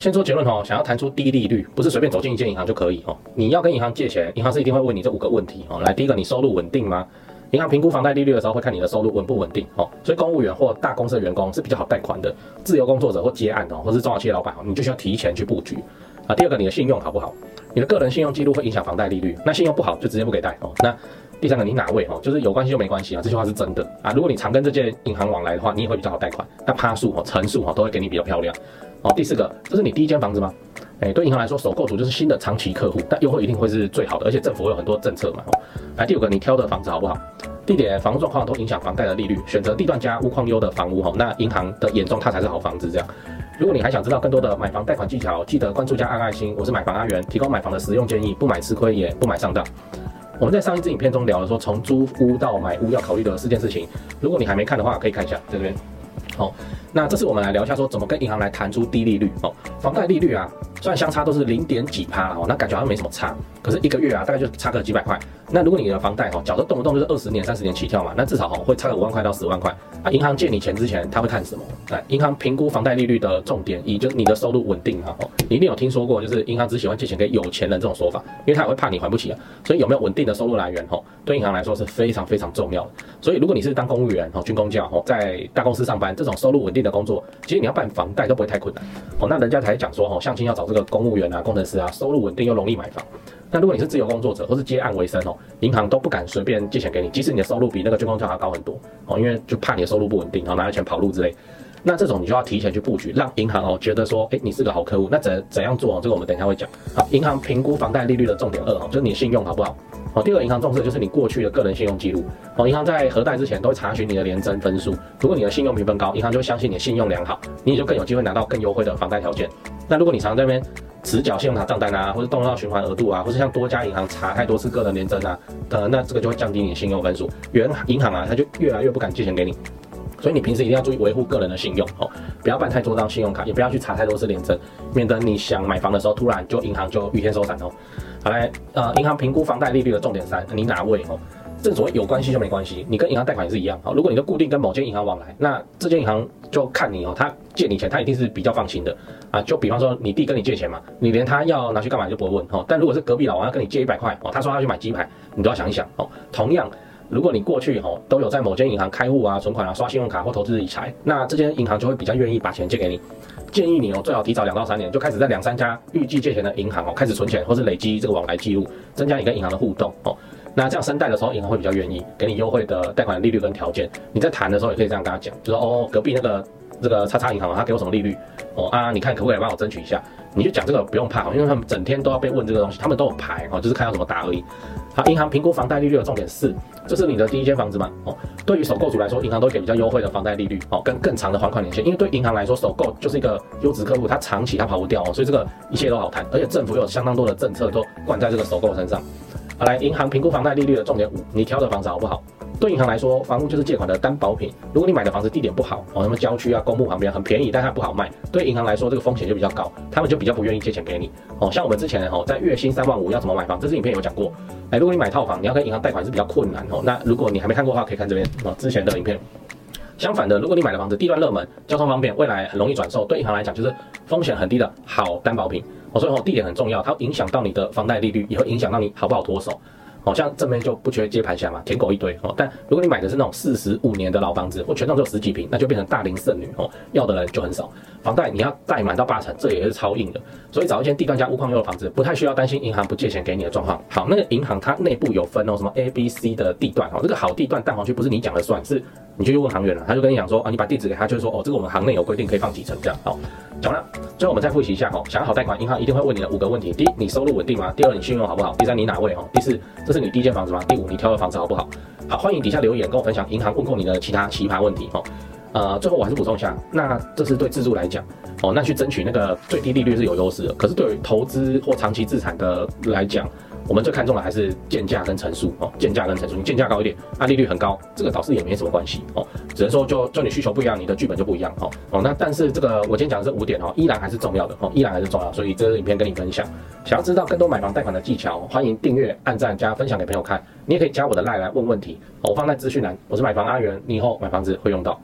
先做結論吼，想要談出低利率，不是隨便走進一間銀行就可以哦。你要跟銀行借錢，銀行是一定會問你這五個問題哦。來，第一個，你收入穩定嗎？銀行評估房貸利率的時候會看你的收入穩不穩定哦。所以公務員或大公司的員工是比較好貸款的。自由工作者或接案哦，或是中小企業老板哦，你就需要提前去布局啊。第二個，你的信用好不好？你的個人信用記錄會影響房貸利率，那信用不好就直接不給貸哦。那第三個，你哪位哦？就是有關係就沒關係啊，這句話是真的啊。如果你常跟這間銀行往來的話，你也會比較好貸款。那趴數哦，成數哈，都會給你比較漂亮。哦，第四個，這是你第一間房子嗎？誒，對銀行來說，首購族就是新的長期客戶，那優惠一定會是最好的，而且政府會有很多政策嘛。哦、來第五個，你挑的房子好不好？地點、房屋狀況都影響房貸的利率，選擇地段加屋況優的房屋哈、哦，那銀行的眼中它才是好房子。這樣，如果你還想知道更多的買房貸款技巧，記得關注加按愛心，我是買房阿元，提供買房的實用建議，不買吃虧也不買上當。我們在上一支影片中聊了說，從租屋到買屋要考慮的四件事情，如果你還沒看的話，可以看一下，在這邊。好、哦，那這次我們來聊一下，說怎麼跟銀行來談出低利率哦。房貸利率啊，雖然相差都是零點幾趴哦，那感覺好像沒什麼差，可是一個月啊，大概就差個幾百塊。那如果你的房貸哦，假設動不動就是二十年、三十年起跳嘛，那至少哦會差個五萬塊到十萬塊。啊，銀行借你錢之前，他會看什麼？來、啊，銀行評估房貸利率的重點，一就是你的收入穩定啊、哦。你一定有聽說過，就是銀行只喜歡借錢給有錢人這種說法，因為他也會怕你還不起啊。所以有沒有穩定的收入來源，哦，對銀行來說是非常非常重要的。所以如果你是當公務員哦，軍公教哦，在大公司上班，這種收入穩定的工作，其實你要辦房貸都不會太困難哦。那人家才講說，哦，相親要找這個公務員啊，工程師啊，收入穩定又容易買房。那如果你是自由工作者或是接案為生哦、喔，銀行都不敢隨便借錢給你，即使你的收入比那個軍公教還要高很多哦、喔，因為就怕你的收入不穩定哦、喔，拿錢跑路之類。那這種你就要提前去布局，讓銀行哦、喔、覺得說，誒、欸，你是個好客戶。那怎怎樣做哦、喔？這個我們等一下會講。好，銀行評估房貸利率的重點二哦、喔，就是你信用好不好好、喔。第二個銀行重視的就是你過去的個人信用記錄哦。銀、喔、行在核貸之前都會查詢你的聯徵分數，如果你的信用評分高，銀行就會相信你的信用良好，你也就更有機會拿到更優惠的房貸條件。那如果你常常在那邊。遲繳信用卡賬單啊，或者動用到循環額度啊，或者像多家銀行查太多次個人聯徵啊，呃，那這個就會降低你信用分數，原銀行啊，它就越來越不敢借錢給你，所以你平時一定要注意維護個人的信用哦，不要辦太多張信用卡，也不要去查太多次聯徵，免得你想買房的時候突然就銀行就雨天收傘哦。好嘞，呃，銀行評估房貸利率的重點三，你哪位哦？正所謂有關係就沒關係，你跟銀行貸款也是一樣，哦，如果你就固定跟某間銀行往來，那這間銀行就看你哦，他借你錢，他一定是比較放心的啊。就比方說你弟跟你借錢嘛，你連他要拿去幹嘛就不會問哦。但如果是隔壁老王要跟你借一百塊哦，他說他要去買雞排，你都要想一想哦。同樣，如果你過去哦都有在某間銀行開戶啊、存款啊、刷信用卡或投資理財，那這間銀行就會比較願意把錢借給你。建議你哦最好提早兩到三年就開始在兩三家預計借錢的銀行哦開始存錢或是累積這個往來記錄，增加你跟銀行的互動哦。那這樣申貸的時候，銀行會比較願意給你優惠的貸款的利率跟條件。你在談的時候，也可以這樣跟他講，就是說哦、喔，隔壁那個這個叉叉銀行啊，他給我什麼利率，喔？哦啊，你看可不可以幫我爭取一下？你就講這個，不用怕，好，因為他們整天都要被問這個東西，他們都有牌，哦，就是看要怎麼答而已。好，銀行評估房貸利率的重點是，這是你的第一間房子嘛。哦，對於首購族來說，銀行都會給比較優惠的房貸利率，哦，跟更長的還款年限，因為對銀行來說，首購就是一個優質客戶，他長期他跑不掉哦，喔，所以這個一切都好談，而且政府有相當多的政策都灌在這個首購身上。好來，銀行評估房貸利率的重點五，你挑的房子好不好？對銀行來說，房屋就是借款的擔保品。如果你買的房子地點不好哦，什麼郊區啊、公墓旁邊，很便宜，但它不好賣。對銀行來說，這個風險就比較高，他們就比較不願意借錢給你哦。像我們之前哦，在月薪三萬五要怎麼買房？這支影片有講過。哎，如果你買套房，你要跟銀行貸款是比較困難哦。那如果你還沒看過的話，可以看這邊哦之前的影片。相反的，如果你買的房子地段熱門、交通方便，未來很容易轉售，對銀行來講就是風險很低的好擔保品。哦，所以哦，地點很重要，它會影響到你的房貸利率，也會影響到你好不好脫手。哦，像這邊就不缺接盤俠嘛，舔狗一堆。哦，但如果你買的是那種四十五年的老房子，或全幢只有十幾坪，那就變成大齡剩女哦，要的人就很少。房貸你要貸滿到八成，這也是超硬的。所以找一間地段加屋況優的房子，不太需要擔心銀行不借錢給你的狀況。好，那個銀行它內部有分哦，什麼 A、B、C 的地段哦，這個好地段、蛋黃區不是你講了算是。你去問行員了、啊，他就跟你講說啊，你把地址給他，就是說哦，這個我們行內有規定可以放幾成這樣。好、哦，講完了，最後我們再複習一下哦，想要好貸款，銀行一定會問你的五個問題：第一，你收入穩定嗎？第二，你信用好不好？第三，你哪位哦？第四，這是你第一間房子嗎？第五，你挑的房子好不好？好，歡迎底下留言跟我分享銀行問過你的其他奇葩問題哦。呃，最後我還是補充一下，那這是對自住來講哦，那去爭取那個最低利率是有優勢的，可是對於投資或長期資產的來講。我們最看重的還是鑑價跟成數哦，鑑價跟成數，你鑑價高一點，按、啊、利率很高，這個倒是也沒什麼關係哦，只能說就就你需求不一樣，你的劇本就不一樣哦哦，那但是這個我今天講的是五點哦，依然還是重要的哦，依然還是重要，所以這個影片跟你分享，想要知道更多買房貸款的技巧，歡迎訂閱、按讚、加分享給朋友看，你也可以加我的 LINE 來問問題，我放在資訊欄，我是買房阿元，你以後買房子會用到。